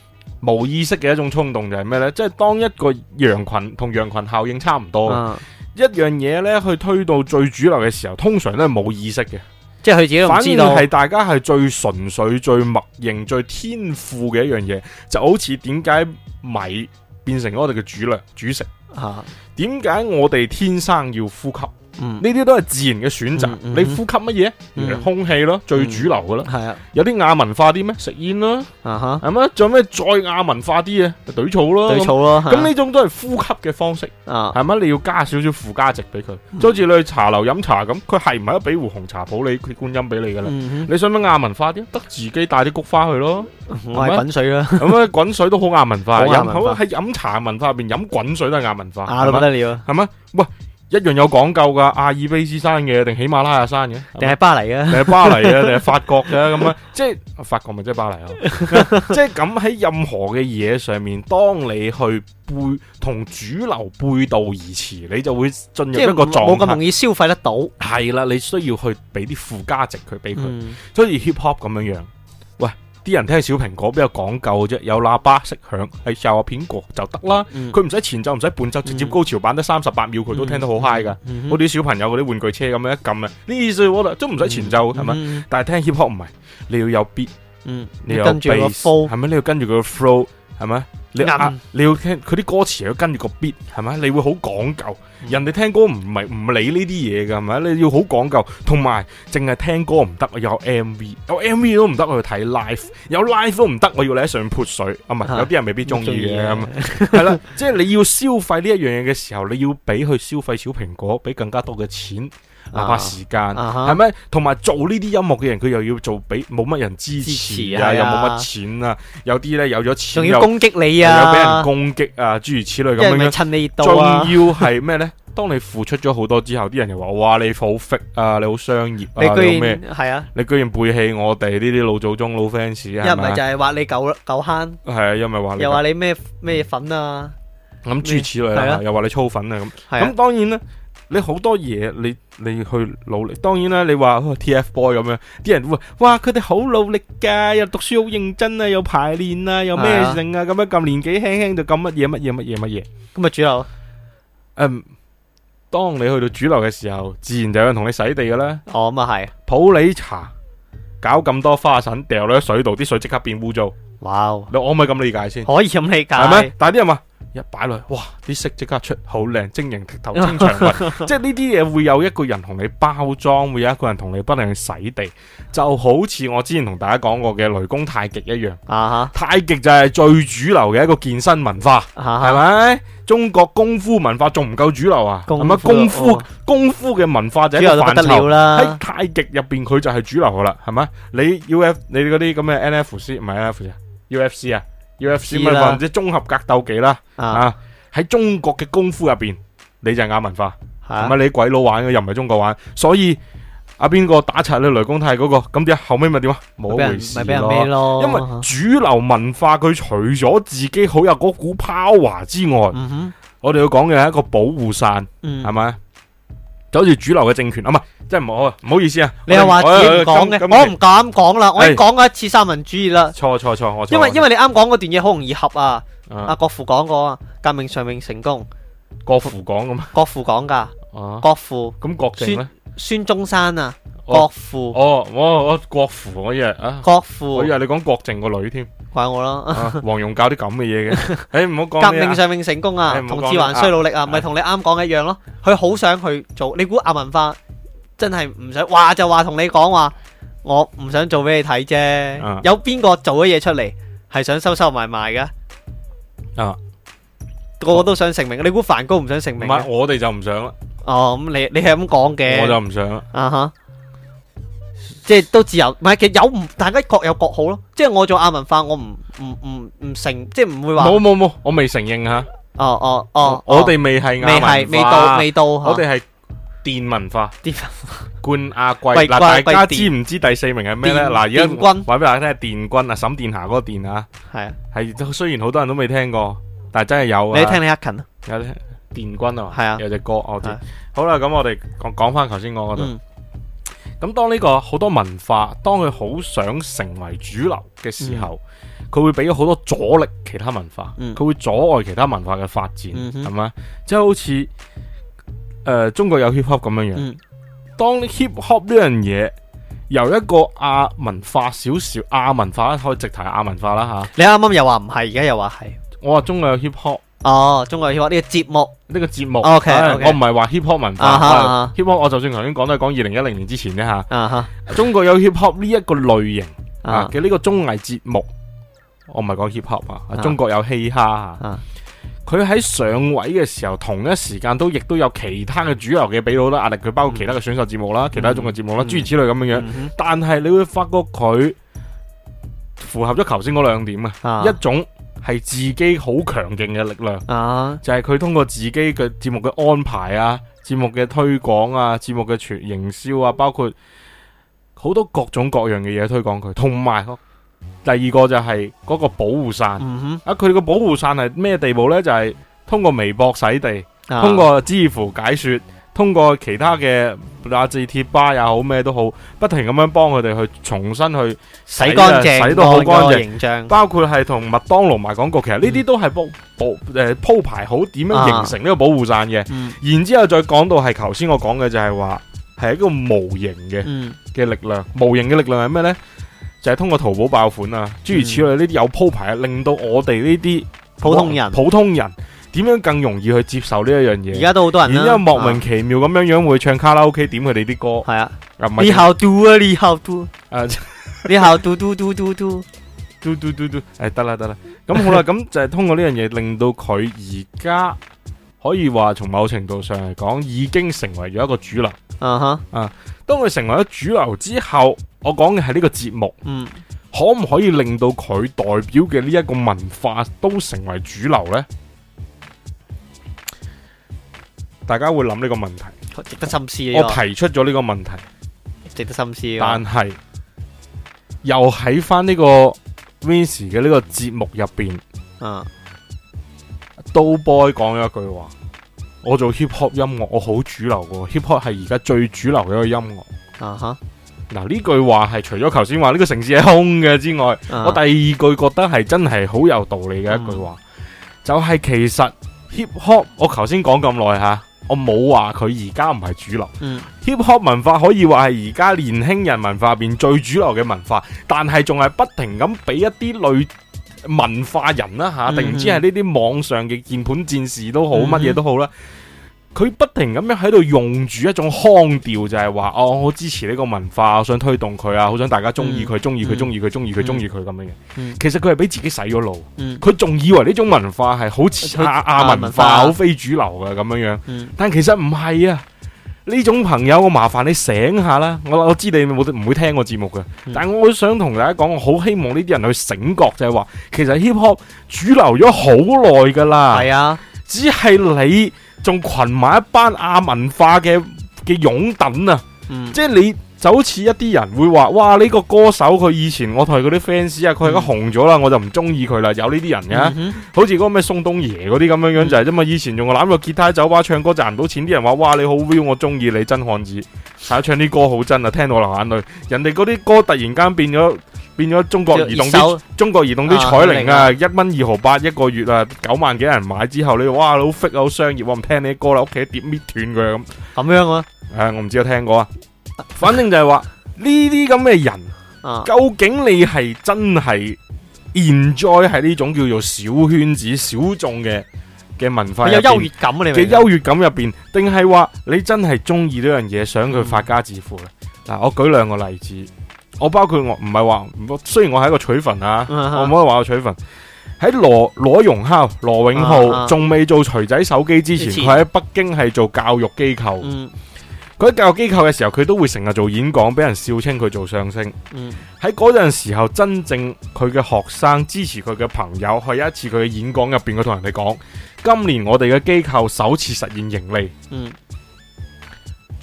無意識嘅一種衝動就係咩呢？即係當一個羊群同羊群效應差唔多，uh -huh. 一樣嘢呢去推到最主流嘅時候，通常都係無意識嘅。即係佢自己唔知道。反而係大家係最純粹、最默認、最天賦嘅一樣嘢，就好似點解米變成咗我哋嘅主糧、主食？啊，點解我哋天生要呼吸？呢、嗯、啲都係自然嘅選擇，嗯嗯嗯，你呼吸乜嘢、嗯？空氣咯，最主流嘅啦、嗯。係啊，有啲亞文化啲咩？食煙咯，係咪？仲、啊、有咩再亞文化啲嘅？懟草咯，咁呢、嗯啊、種都係呼吸嘅方式，係、啊、咪？你要加少少附加值俾佢、嗯，就好似你去茶樓飲茶咁，佢係唔係都俾壺紅茶普洱觀音俾你噶啦、嗯嗯？你想唔想亞文化啲？得自己帶啲菊花去咯，買、嗯、滾水啦、嗯。咁啊，滾水都好亞文化，飲好喺飲茶文化入邊飲滾水都係亞文化，亞、啊、到不得了是，係咪？喂。一樣有講究㗎，阿爾卑斯山嘅定喜馬拉雅山嘅，定係巴黎嘅，定係巴黎啊，定 [LAUGHS] 係法國嘅咁啊，即係法國咪即係巴黎啊，即係咁喺任何嘅嘢上面，當你去背同主流背道而馳，你就會進入一個狀態，冇咁容易消費得到。係啦，你需要去俾啲附加值佢俾佢，所以、嗯、hip hop 咁樣樣。啲人聽小蘋果比較講究嘅啫，有喇叭識響，係動畫片過就得啦。佢唔使前奏，唔使伴奏，直接高潮版得三十八秒，佢、嗯、都聽得好 high 噶、嗯。好似小朋友嗰啲玩具車咁樣一撳啊，呢歲我都唔使前奏係咪、嗯嗯？但係聽 hiphop 唔係，你要有 beat，、嗯、你，要有 base, flow, 你要跟住 flow，係咪你要跟住佢個 flow？係咪？你、啊、你要聽佢啲歌詞要跟住個 beat，係咪？你會好講究，人哋聽歌唔係唔理呢啲嘢噶，係咪？你要好講究，同埋淨係聽歌唔得，我有 M V，有 M V 都唔得，我要睇 live，有 live 都唔得，我要你喺上面潑水，係咪？有啲人未必中意嘅，係啦， [LAUGHS] 即係你要消費呢一樣嘢嘅時候，你要俾佢消費小蘋果，俾更加多嘅錢。哪、啊、怕時間係咪？同、啊、埋、啊、做呢啲音樂嘅人，佢又要做俾冇乜人支持啊，持啊又冇乜錢啊。 [LAUGHS] 有啲咧有咗錢，仲要攻擊你啊，要俾人攻擊啊，諸如此類咁樣。趁你熱度啊仲、啊、要係咩咧？當你付出咗好多之後，啲人又話：， [LAUGHS] 哇，你好 fit 啊，你好商業啊，咩？係啊！你居然背棄我哋呢啲老祖宗老 fans 就你啊，你又你粉啊，啊！又唔係就係話你狗狗慳？係啊，又唔係話？又話你咩咩粉啊？咁諸如此類又話你粗粉啊咁。咁、啊、當然啦。你好多嘢，你你去努力。當然啦，你話、哦、T.F. Boy 咁樣，啲人會話：哇，佢哋好努力㗎，又讀書好認真啊，又排練又啊，又咩性啊，咁樣咁年紀輕輕就咁乜嘢乜嘢乜嘢乜嘢。咁咪主流。嗯，當你去到主流嘅時候，自然就有人同你洗地㗎啦。哦，咁咪係。普洱茶，搞咁多花粉掉落水度，啲水即刻變污糟。哇、wow！你可以咁理解先？可以咁理解。係咪？但係啲人話。一擺落去，哇！啲色即刻出好靚，晶瑩剔透，晶長嘅， [LAUGHS] 即係呢啲嘢會有一個人同你包裝，會有一個人同你不斷去洗地，就好似我之前同大家講過嘅雷公太極一樣。啊哈！太極就係最主流嘅一個健身文化，係、uh、咪 -huh？中國功夫文化仲唔夠主流啊？係咪功夫功夫嘅、哦、文化就係一個得了啦。喺太極入邊佢就係主流啦，係咪？你 U F 你嗰啲咁嘅 N F C 唔係 N F C，U F C 啊？UFC 文化或者綜合格鬥技啦，啊喺、啊、中國嘅功夫入邊，你就係亞文化，係、啊、咪？你鬼佬玩嘅又唔係中國玩，所以阿邊個打殘你雷公太嗰、那個，咁點後尾咪點啊？冇回事咯，因為主流文化佢除咗自己好有嗰股 power 之外，嗯、我哋要講嘅係一個保護傘，係、嗯、咪？是就好似主流嘅政權啊，唔係，即係唔好，唔好意思啊。你又話自己講嘅，我唔敢講啦，我已經講過一次三民主義啦。錯錯錯，我因為因為你啱講嗰段嘢好容易合啊。阿國父講過啊，革命尚未成功。國父講咁啊？國父講噶。國父咁郭靖咧？孫中山啊，國父哦，我我國父我以為啊，國父佢以為你講郭靖個女添，怪我啦。黃蓉搞啲咁嘅嘢嘅，誒唔好講。革命尚未成功啊，同志還須努力啊，唔係同你啱講一樣咯。佢好想去做，你估亞文化真係唔想？話就話同你講話，我唔想做俾你睇啫。有邊個做咗嘢出嚟係想收收埋埋嘅？啊，個個都想成名，你估梵高唔想成名？唔係我哋就唔想啦。哦，咁你你係咁講嘅，我就唔想啦。啊哈，即係都自由，唔係其實有唔大家各有各好咯。即係我做亞文化，我唔唔唔唔承，即係唔會話冇冇冇，我未承認吓。哦哦哦，我哋未係亞文化，未到未到，我哋係殿文化。殿文化冠亞季，嗱，大家知唔知第四名係咩咧？嗱，殿軍話俾大家聽，殿軍啊，沈殿霞嗰個殿啊，係啊，係雖然好多人都未聽過，但係真係有啊。你聽李克勤啦。有聽。電軍啊嘛，係啊，有隻歌我知、啊。好啦，咁我哋講翻頭先講嗰度。咁、嗯、當呢、這個好多文化，當佢好想成為主流嘅時候，佢、嗯、會俾好多阻力其他文化，佢、嗯、會阻礙其他文化嘅發展，係、嗯、嘛？即係、就是、好似誒、呃，中國有 hip hop 咁樣樣、嗯。當 hip hop 呢樣嘢由一個亞文化少少，亞文化可以直提亞文化啦吓。你啱啱又話唔係，而家又話係。我話中國有 hip hop。哦，中國 hip hop 呢個節目，呢、這個節目 okay，OK 我唔係話 hip hop 文化 uh -huh, uh,，hip hop、uh -huh. 我就算頭先講都係講二零一零年之前啫吓，uh -huh. 中國有 hip hop 呢一個類型啊嘅呢個綜藝節目，uh -huh. 我唔係講 hip hop 啊、uh -huh.，中國有嘻哈啊，佢、uh、喺 -huh. 上位嘅時候，同一時間都亦都有其他嘅主流嘅俾到好多壓力，佢包括其他嘅選秀節目啦，uh -huh. 其他綜藝節目啦，諸、uh -huh. uh -huh. 如此類咁樣樣，uh -huh. 但係你會發覺佢符合咗頭先嗰兩點啊，uh -huh. 一種。係自己好強勁嘅力量啊！Uh -huh. 就係佢通過自己嘅節目嘅安排啊，節目嘅推廣啊，節目嘅全營銷啊，包括好多各種各樣嘅嘢推廣佢。同埋第二個就係嗰個保護傘、uh -huh. 啊！佢個保護傘係咩地步呢？就係、是、通過微博洗地，uh -huh. 通過知乎解說。通過其他嘅亞智貼吧也好咩都好，不停咁樣幫佢哋去重新去洗乾、啊、淨，洗到好乾淨，包括係同麥當勞賣廣告，其實呢啲都係鋪牌，誒，鋪排好點樣形成呢個保護傘嘅。然之後再講到係頭先我講嘅就係話係一個無形嘅嘅、嗯、力量，無形嘅力量係咩呢？就係、是、通過淘寶爆款啊，諸、嗯、如此類呢啲有鋪排，令到我哋呢啲普通人普通人。點樣更容易去接受呢一樣嘢？而家都好多人，然之後莫名其妙咁樣樣會唱卡拉 OK，點佢哋啲歌係啊，啊，啊。你好 do 啊，你好 do，誒，你好 do do do do do do do do，誒，得啦得啦。咁好啦，咁就係通過呢樣嘢令到佢而家可以話從某程度上嚟講已經成為咗一個主流。啊哈啊，當佢成為咗主流之後，我講嘅係呢個節目，嗯、mm.，可唔可以令到佢代表嘅呢一個文化都成為主流咧？大家會諗呢個問題，值得深思。我提出咗呢個問題，值得深思但，但係又喺返呢個 Vince 嘅呢個節目入邊，嗯，Dough-Boy 講咗一句話：我做 hip hop 音樂，我好主流嘅 hip hop 係而家最主流嘅一個音樂。啊哈嗱，呢句話係除咗頭先話呢個城市係空嘅之外，啊、我第二句覺得係真係好有道理嘅一句話，嗯、就係其實 hip hop，我頭先講咁耐吓。我冇話佢而家唔係主流，嗯、hip hop 文化可以話係而家年輕人文化入邊最主流嘅文化，但係仲係不停咁俾一啲類文化人啦嚇，定唔知係呢啲網上嘅鍵盤戰士都好，乜、嗯、嘢都好啦。佢不停咁樣喺度用住一種腔調，就係、是、話哦，我好支持呢個文化，我想推動佢啊，好想大家中意佢，中意佢，中意佢，中意佢，中意佢咁樣嘅。其實佢係俾自己洗咗腦，佢、嗯、仲以為呢種文化係好似亞、嗯啊、文化，好、啊、非主流嘅咁樣樣。但其實唔係啊。呢種朋友，我麻煩你醒下啦。我我知你冇唔會聽我節目嘅、嗯，但係我想同大家講，我好希望呢啲人去醒覺，就係、是、話其實 hip hop 主流咗好耐噶啦。係啊。只係你仲群埋一班亞文化嘅嘅擁躉啊！嗯、即係你就好似一啲人會話：哇！呢個歌手佢以前我同佢嗰啲 fans 啊，佢而家紅咗啦，我就唔中意佢啦。有呢啲人嘅、啊嗯，好似嗰個咩宋冬野嗰啲咁樣樣、嗯、就係啫嘛。以前仲攬個吉他酒吧唱歌賺唔到錢，啲人話：哇！你好 Will，我中意你真漢子，啊、唱啲歌好真啊，聽到我流眼淚。人哋嗰啲歌突然間變咗。變咗中國移動啲中國移動啲彩鈴啊，啊一蚊，二毫八一個月啊，九萬幾人買，之後，你哇，好 fit 好商業，唔聽你啲歌啦，屋企碟搣斷佢咁咁樣，樣啊，係我唔知有聽過啊。 [LAUGHS] 反正就係話呢啲咁嘅人，啊，究竟你係真係 enjoy 喺呢種叫做小圈子、小眾嘅嘅文化，你有優越感啊？你嘅優越感入邊，定係話你真係中意呢樣嘢，想佢發家致富咧？嗱，嗯啊，我舉兩個例子。我包括我唔係話，雖然我係一個取分啊，uh-huh. 我唔可以話我取分。喺羅羅永浩、羅永浩仲未做錘仔手機之前，佢喺北京係做教育機構。佢、嗯、喺教育機構嘅時候，佢都會成日做演講，俾人笑稱佢做相聲。喺嗰陣時候，真正佢嘅學生支持佢嘅朋友，去一次佢嘅演講入邊，佢同人哋講：今年我哋嘅機構首次實現盈利。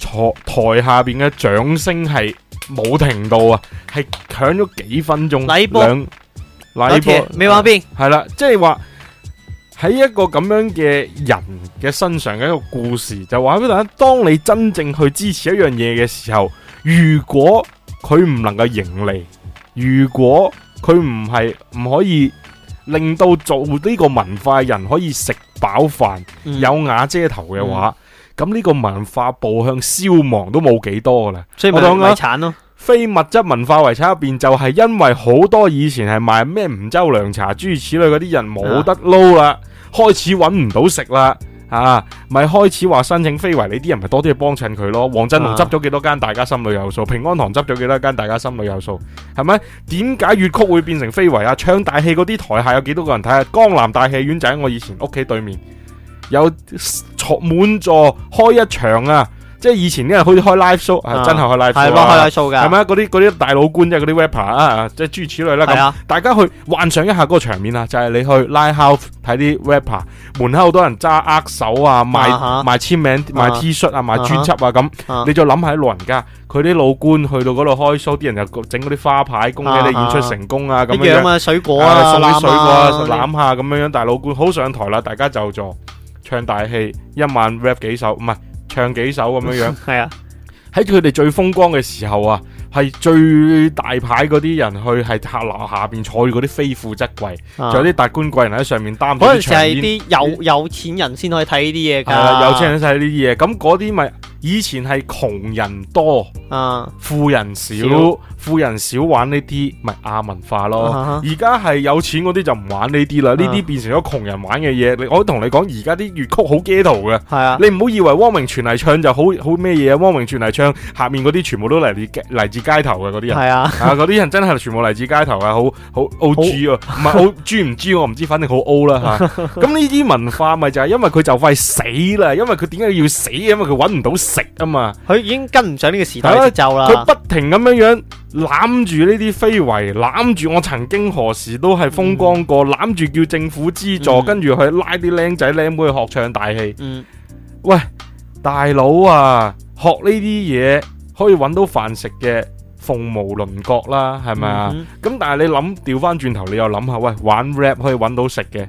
台、嗯、台下邊嘅掌聲係。冇停到啊，係搶咗幾分鐘，兩禮波。你話邊？係、啊、啦，即係話喺一個咁樣嘅人嘅身上嘅一個故事，就話俾大家聽。當你真正去支持一樣嘢嘅時候，如果佢唔能夠盈利，如果佢唔係唔可以令到做呢個文化嘅人可以食飽飯、有瓦遮頭嘅話。嗯咁呢個文化步向消亡都冇幾多噶啦，所以文化遺產咯。非物質文化遺產入邊就係因為好多以前係賣咩梧州涼茶諸如此類嗰啲人冇得撈啦，啊，開始揾唔到食啦，啊，咪開始話申請非遺，你啲人咪多啲去幫襯佢咯。黃振龍執咗幾多間，大家心裏有數，啊；平安堂執咗幾多間，大家心裏有數，係咪？點解粵曲會變成非遺啊？唱大戲嗰啲台下有幾多個人睇啊？江南大戲院就喺我以前屋企對面。有坐滿座開一場啊！即係以前啲人好似開 live show，係、啊、真係開 live 開 live show 噶係咪嗰啲啲大佬官即係嗰啲 rapper 啊，即係諸如此類啦。咁、啊、大家去幻想一下嗰個場面啊，就係、是、你去 live house 睇啲 rapper，門口好多人揸握,握手啊，賣啊賣簽名、賣 T 恤啊、啊賣專輯啊咁、啊啊。你再諗下啲老人家，佢啲老官去到嗰度開 show，啲人又整嗰啲花牌，恭喜你演出成功啊！咁樣,樣啊水果啊，啊送啲水果啊，攬下咁樣樣。大佬官好上台啦，大家就座。唱大戲一晚 rap 幾首，唔係唱幾首咁樣樣。係 [LAUGHS] 啊，喺佢哋最風光嘅時候啊，係最大牌嗰啲人去，係客樓下邊坐住嗰啲非富則貴，就啲達官貴人喺上面擔。嗰陣時係啲有有錢人先可以睇呢啲嘢噶，有錢人睇呢啲嘢。咁嗰啲咪。以前係窮人多，啊、uh,，富人少，富人少玩呢啲咪亞文化咯。而家係有錢嗰啲就唔玩呢啲啦，呢、uh、啲 -huh. 變成咗窮人玩嘅嘢。我同你講，而家啲粵曲好街頭嘅，係啊，你唔好以為汪明荃係唱就好好咩嘢啊。汪明荃係唱下面嗰啲全部都嚟自嚟自街頭嘅嗰啲人，係啊，嗰啲人真係全部嚟自街頭嘅，好好 O G 哦，唔係、uh -huh. 好 G 唔 G，我唔知，反正好 O 啦吓。咁呢啲文化咪就係因為佢就快死啦，因為佢點解要死？因為佢揾唔到。食啊嘛，佢已經跟唔上呢個時代啦，就啦。佢不停咁樣樣攬住呢啲非遺，攬住我曾經何時都係風光過，攬住叫政府資助，跟住去拉啲靚仔靚妹去學唱大戲。嗯，喂，大佬啊，學呢啲嘢可以搵到飯食嘅鳳毛麟角啦，係咪啊？咁但係你諗調翻轉頭，你又諗下，喂，玩 rap 可以搵到食嘅。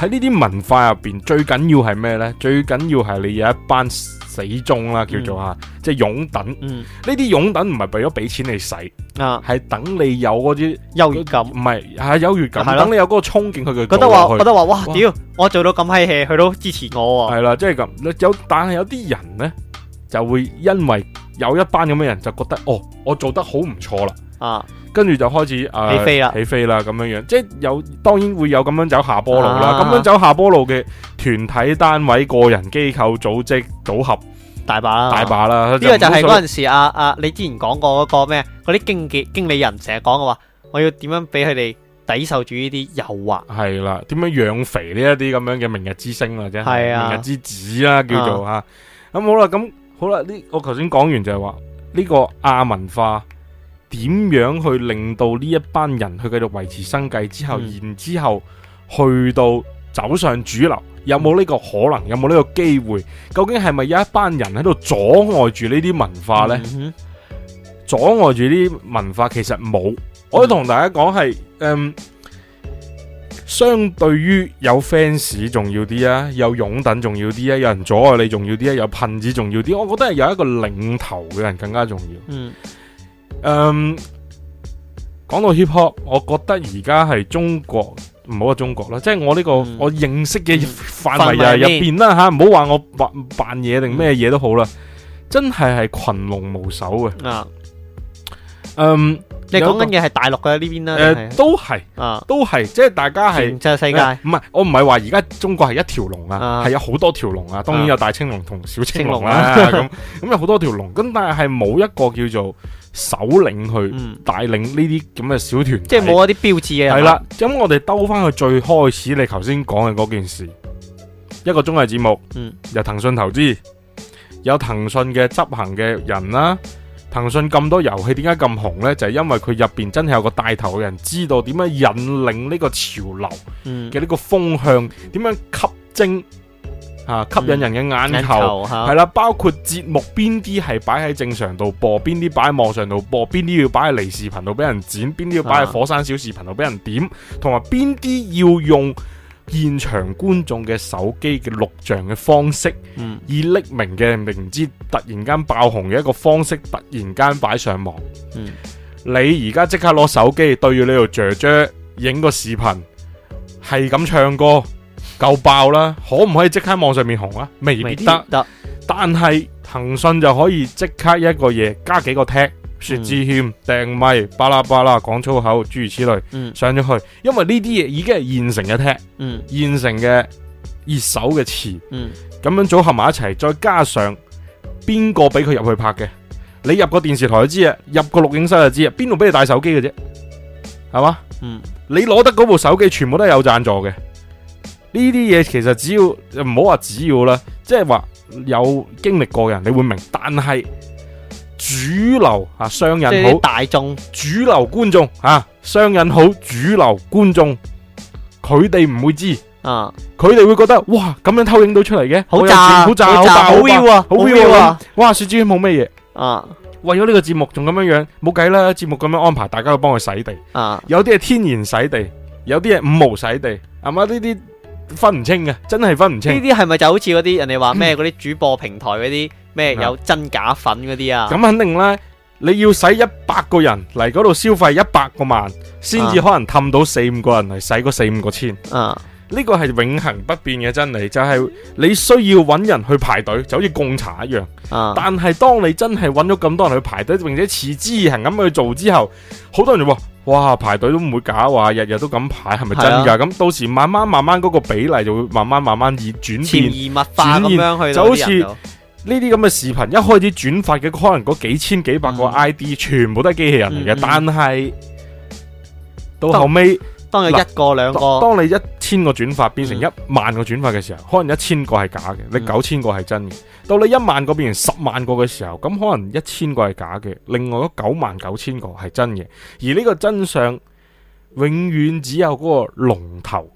喺呢啲文化入邊最緊要係咩呢？最緊要係你有一班死忠啦，叫做、嗯擁躉嗯、這些擁躉啊，即係擁躉。呢啲擁躉唔係為咗俾錢你使啊，係等你有嗰啲優越感。唔係係優越感，等你有嗰個憧憬，佢去覺得話覺得話，哇！屌，我做到咁嗨氣，佢都支持我。係啦，即係咁。有但係有啲人呢，就會因為有一班咁嘅人，就覺得哦，我做得好唔錯啦。啊跟住就開始起飛啦，起飛啦咁樣樣，即係有當然會有咁樣走下坡路啦。啊，咁樣走下坡路嘅團體、單位、個人、機構、組織組合，大把啦，大把啦。啊，呢個就係嗰陣時啊，啊你之前講過嗰個咩？嗰啲經紀、經理人成日講嘅話，我要點樣俾佢哋抵受住呢啲誘惑？係啦，點樣養肥呢一啲咁樣嘅明日之星或者明日之子啦？叫做嚇，啊啊，咁好啦，咁好啦，呢我頭先講完就係話呢個亞文化。點樣去令到呢一班人去繼續維持生計之後，嗯、然之後去到走上主流，有冇呢個可能？嗯、有冇呢個機會？究竟係咪有一班人喺度阻礙住呢啲文化呢？嗯、阻礙住呢啲文化，其實冇、嗯。我同大家講係、嗯，相對於有 fans 重要啲啊，有擁躉重要啲啊，有人阻礙你重要啲啊，有噴子重要啲，我覺得係有一個領頭嘅人更加重要。嗯。誒，講到 hip hop，我覺得而家係中國唔好話中國啦，即係我呢、這個、嗯、我認識嘅範圍入入邊啦吓，唔好話我扮扮嘢，定咩嘢都好啦、嗯，真係係群龍無首嘅。啊、嗯、um。你講緊嘅係大陸嘅呢邊啦，誒、呃，都係，啊，都係，即、就、係、是、大家係全世界，唔、啊、係，我唔係話而家中國係一條龍啊，係有好多條龍啊，當然有大青龍同小青龍啦，咁、啊、咁、啊、 [LAUGHS] 有好多條龍，咁但係係冇一個叫做首領去帶領呢啲咁嘅小團，即係冇一啲標誌嘅，係啦。咁我哋兜翻去最開始你頭先講嘅嗰件事，一個綜藝節目，嗯，由騰訊投資，有騰訊嘅執行嘅人啦。騰訊咁多遊戲點解咁紅呢？就係、是、因為佢入邊真係有個帶頭嘅人，知道點樣引領呢個潮流嘅呢個風向，點、嗯、樣吸睛，吓、啊，吸引人嘅眼球係啦、嗯啊。包括節目邊啲係擺喺正常度播，邊啲擺喺網上度播，邊啲要擺喺離視頻道俾人剪，邊啲要擺喺火山小視頻度俾人點，同埋邊啲要用。現場觀眾嘅手機嘅錄像嘅方式、嗯，以匿名嘅名字突然間爆紅嘅一個方式，突然間擺上網。嗯、你而家即刻攞手機對住你度 jojo 影個視頻，係咁唱歌，夠爆啦！ [LAUGHS] 可唔可以即刻網上面紅啊？未必得。但係騰訊就可以即刻一個嘢加幾個 tag。薛之謙掟咪、巴拉巴拉講粗口，諸如此類，嗯、上咗去，因為呢啲嘢已經係現成嘅聽、嗯，現成嘅熱搜嘅詞，咁、嗯、樣組合埋一齊，再加上邊個俾佢入去拍嘅，你入個電視台就知啊，入個錄影室就知啊，邊度俾你帶手機嘅啫，係嘛？嗯，你攞得嗰部手機，全部都係有贊助嘅，呢啲嘢其實只要唔好話只要啦，即係話有經歷過嘅人你會明白，但係。主流啊，商人好大眾，主流觀眾啊，商人好，主流觀眾，佢哋唔會知啊，佢哋會覺得哇，咁樣偷影到出嚟嘅好炸，好好大，好 v 啊，好 v 啊，哇，薛之謙冇咩嘢啊，為咗呢個節目仲咁樣樣，冇計啦，節目咁樣安排，大家去幫佢洗地啊，有啲係天然洗地，有啲係五毛洗地，係咪呢啲分唔清嘅，真係分唔清，呢啲係咪就好似嗰啲人哋話咩嗰啲主播平台嗰啲？咩有真假粉嗰啲啊？咁、啊、肯定咧，你要使一百個人嚟嗰度消費一百個萬，先至可能氹到四五個人嚟使嗰四五個千。啊，呢、這個係永恆不變嘅真理，就係、是、你需要揾人去排隊，就好似貢茶一樣。啊、但係當你真係揾咗咁多人去排隊，並且持之以恆咁去做之後，好多人就話：哇，排隊都唔會假話，話日日都咁排，係咪真噶？咁、啊、到時慢慢慢慢嗰個比例就會慢慢慢慢而轉變，潛移默化咁樣去到人度。呢啲咁嘅視頻一開始轉發嘅、嗯、可能嗰幾千幾百個 ID、嗯、全部都係機器人嚟嘅，嗯、但係到後尾當，當你一個兩個當，當你一千個轉發變成一萬個轉發嘅時候，嗯、可能一千個係假嘅，你九千個係真嘅。嗯、到你一萬個變成十萬個嘅時候，咁可能一千個係假嘅，另外嗰九萬九千個係真嘅。而呢個真相永遠只有嗰個龍頭。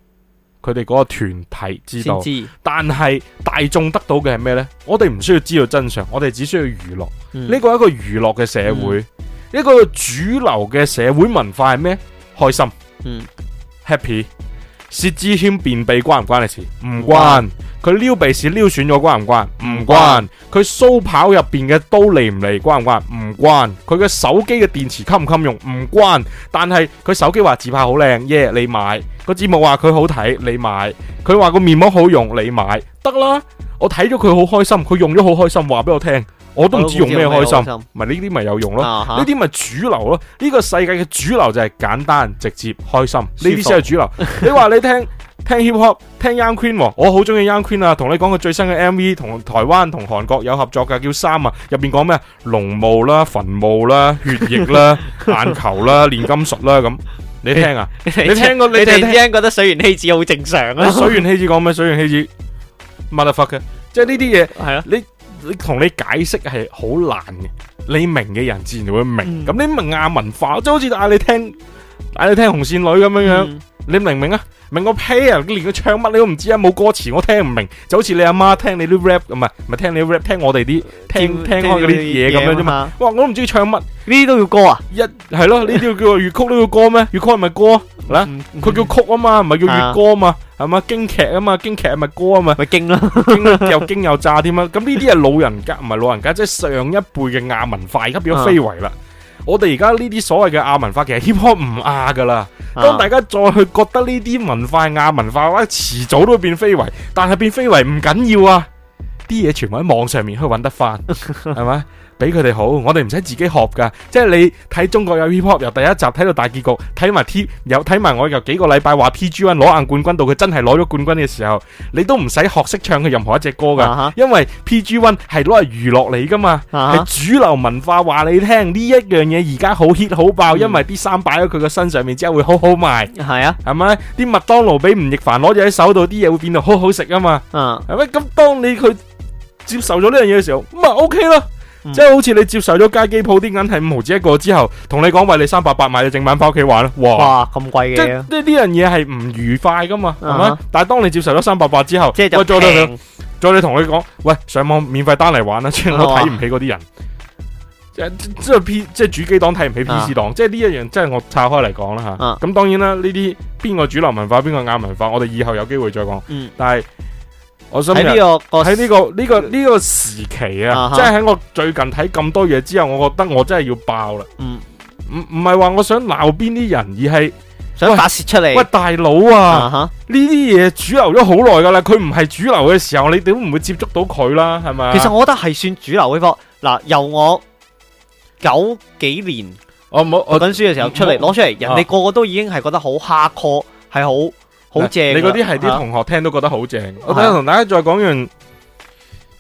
佢哋嗰個團體知道，知道但係，大眾得到嘅係咩呢？我哋唔需要知道真相，我哋只需要娛樂。呢、嗯、個係一個娛樂嘅社會，呢、嗯、個主流嘅社會文化係咩？開心、嗯、，happy。薛之謙便秘關唔關你事？唔關。佢撩鼻屎撩損咗關唔關？唔關，關。佢蘇跑入邊嘅刀嚟唔嚟？關唔關，關？唔關。佢嘅手機嘅電池襟唔襟用？唔關。但係佢手機話自拍好靚，耶、yeah！你買。個節目話佢好睇，你買。佢話個面膜好用，你買。得啦。我睇咗佢好開心，佢用咗好開心，話俾我聽。我都唔知道用咩開心，咪呢啲咪有用咯，呢啲咪主流咯。呢、這個世界嘅主流就係簡單直接開心，呢啲先係主流。你話你聽 [LAUGHS] 聽 hip hop，聽 young queen，我好中意 young queen 啊。同你講佢最新嘅 MV，同台灣同韓國有合作嘅，叫三啊，入邊講咩啊？濃霧啦，墳墓啦，血液啦， [LAUGHS] 眼球啦，煉金術啦咁。 [LAUGHS] 你聽啊， [LAUGHS] 你聽過 [LAUGHS] 你哋聽覺得水原希子好正常啊？ [LAUGHS] [LAUGHS] 水原希子講咩？水原希子 mother fuck 嘅，即係呢啲嘢係啊，你。你你同你解釋係好難嘅，你明嘅人自然就會明。咁、嗯、你明亞文化，就好似嗌你聽嗌你聽紅線女咁樣。嗯你明唔明啊？明個屁啊！你連佢唱乜你都唔知啊！冇歌詞我聽唔明，就好似你阿媽聽你啲 rap 唔係唔係聽你 rap，聽我哋啲聽聽開嗰啲嘢咁樣啫嘛！哇！我都唔知佢唱乜，呢啲都叫歌啊！一係咯，呢啲叫叫粵曲都要歌咩？粵曲係咪歌咧？佢、啊嗯、叫曲啊嘛，唔係叫粵歌啊嘛，係、啊、嘛？京劇啊嘛，京劇係咪歌啊嘛？咪京啦，又京又炸添啊！咁呢啲係老人家，唔係老人家，即、就、係、是、上一輩嘅亞文化，而家變咗非遺啦。我哋而家呢啲所謂嘅亞文化其實 Hip-hop 唔亞㗎啦，當大家再去覺得呢啲文化係亞文化嘅話、啊，遲早都會變非遺，但係變非遺唔緊要啊。啲嘢全部喺網上面去揾得翻，係 [LAUGHS] 咪？俾佢哋好，我哋唔使自己學噶。即係你睇中國有 hip hop 由第一集睇到大結局，睇埋 T 有睇埋我由幾個禮拜話 PG One 攞硬冠軍到佢真係攞咗冠軍嘅時候，你都唔使學識唱佢任何一隻歌噶，uh -huh. 因為 PG One 係攞嚟娛樂你噶嘛，係、uh -huh. 主流文化話你聽呢一樣嘢而家好 hit 好爆，uh -huh. 因為啲衫擺喺佢個身上面之後會好好賣，係、uh、啊 -huh.，係咪？啲麥當勞俾吳亦凡攞咗喺手度，啲嘢會變到好好食啊嘛，嗯、uh -huh.，係咪？咁當你佢。接受咗呢樣嘢嘅時候咁啊 OK 啦，嗯、即係好似你接受咗街機鋪啲銀係五毫紙一個之後，同你講，喂，你三百八買隻正版翻屋企玩啦，哇咁貴嘅，即係呢樣嘢係唔愉快噶嘛，係、uh、嘛 -huh.？但係當你接受咗三百八之後，再，再跟你同佢講，喂，上網免費單嚟玩啦，即係我睇唔起嗰啲人，uh -huh. 即係 P 即係主機黨睇唔起 PC 黨、uh -huh.，即係呢一樣即係我拆開嚟講啦吓，咁、啊 uh -huh. 當然啦，呢啲邊個主流文化邊個亞文化，我哋以後有機會再講，uh -huh. 但係。我想喺呢、這個喺呢個呢、這個呢、這個這個時期啊，即係喺我最近睇咁多嘢之後，我覺得我真係要爆啦。嗯，唔唔係話我想鬧邊啲人，而係想發泄出嚟。喂，大佬啊，呢啲嘢主流咗好耐噶啦，佢唔係主流嘅時候，你點唔會接觸到佢啦？係咪？其實我覺得係算主流嘅噃。嗱，由我九幾年我冇我讀書嘅時候出嚟攞、uh, 出嚟，人哋個個都已經係覺得好下課，係好。好正，啊！你嗰啲係啲同學聽都覺得好正。啊、我等下同大家再講樣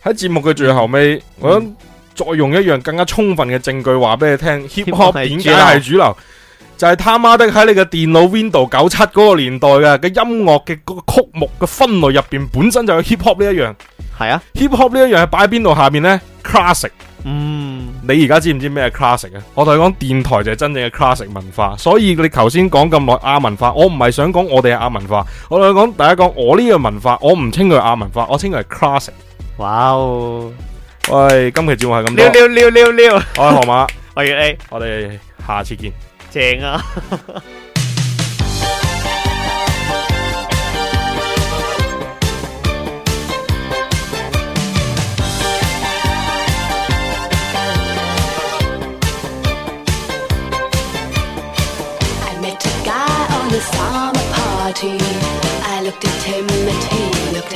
喺節目嘅最後尾，我將再用一樣更加充分嘅證據話俾你聽、嗯、，hip hop 點解係主流？係啊、就係、係、他媽的喺你嘅電腦 Window 九七嗰個年代嘅嘅、嗰個、音樂嘅、嗰個曲目嘅分類入邊，本身就有 hip hop 呢一樣。係啊，hip hop 呢一樣係擺喺邊度下邊呢 Classic 嗯，你而家知唔知咩係 classic 啊？我同你講，電台就係真正嘅 classic 文化，所以你頭先講咁耐亞文化，我唔係想講我哋係亞文化，我同你講，大家講我呢個文化，我唔稱佢係亞文化，我稱佢係 classic。哇、哦、喂，今期節目係咁，溜溜溜溜溜，我係河馬， [LAUGHS] 我係 A，我哋下次見，正啊！ [LAUGHS]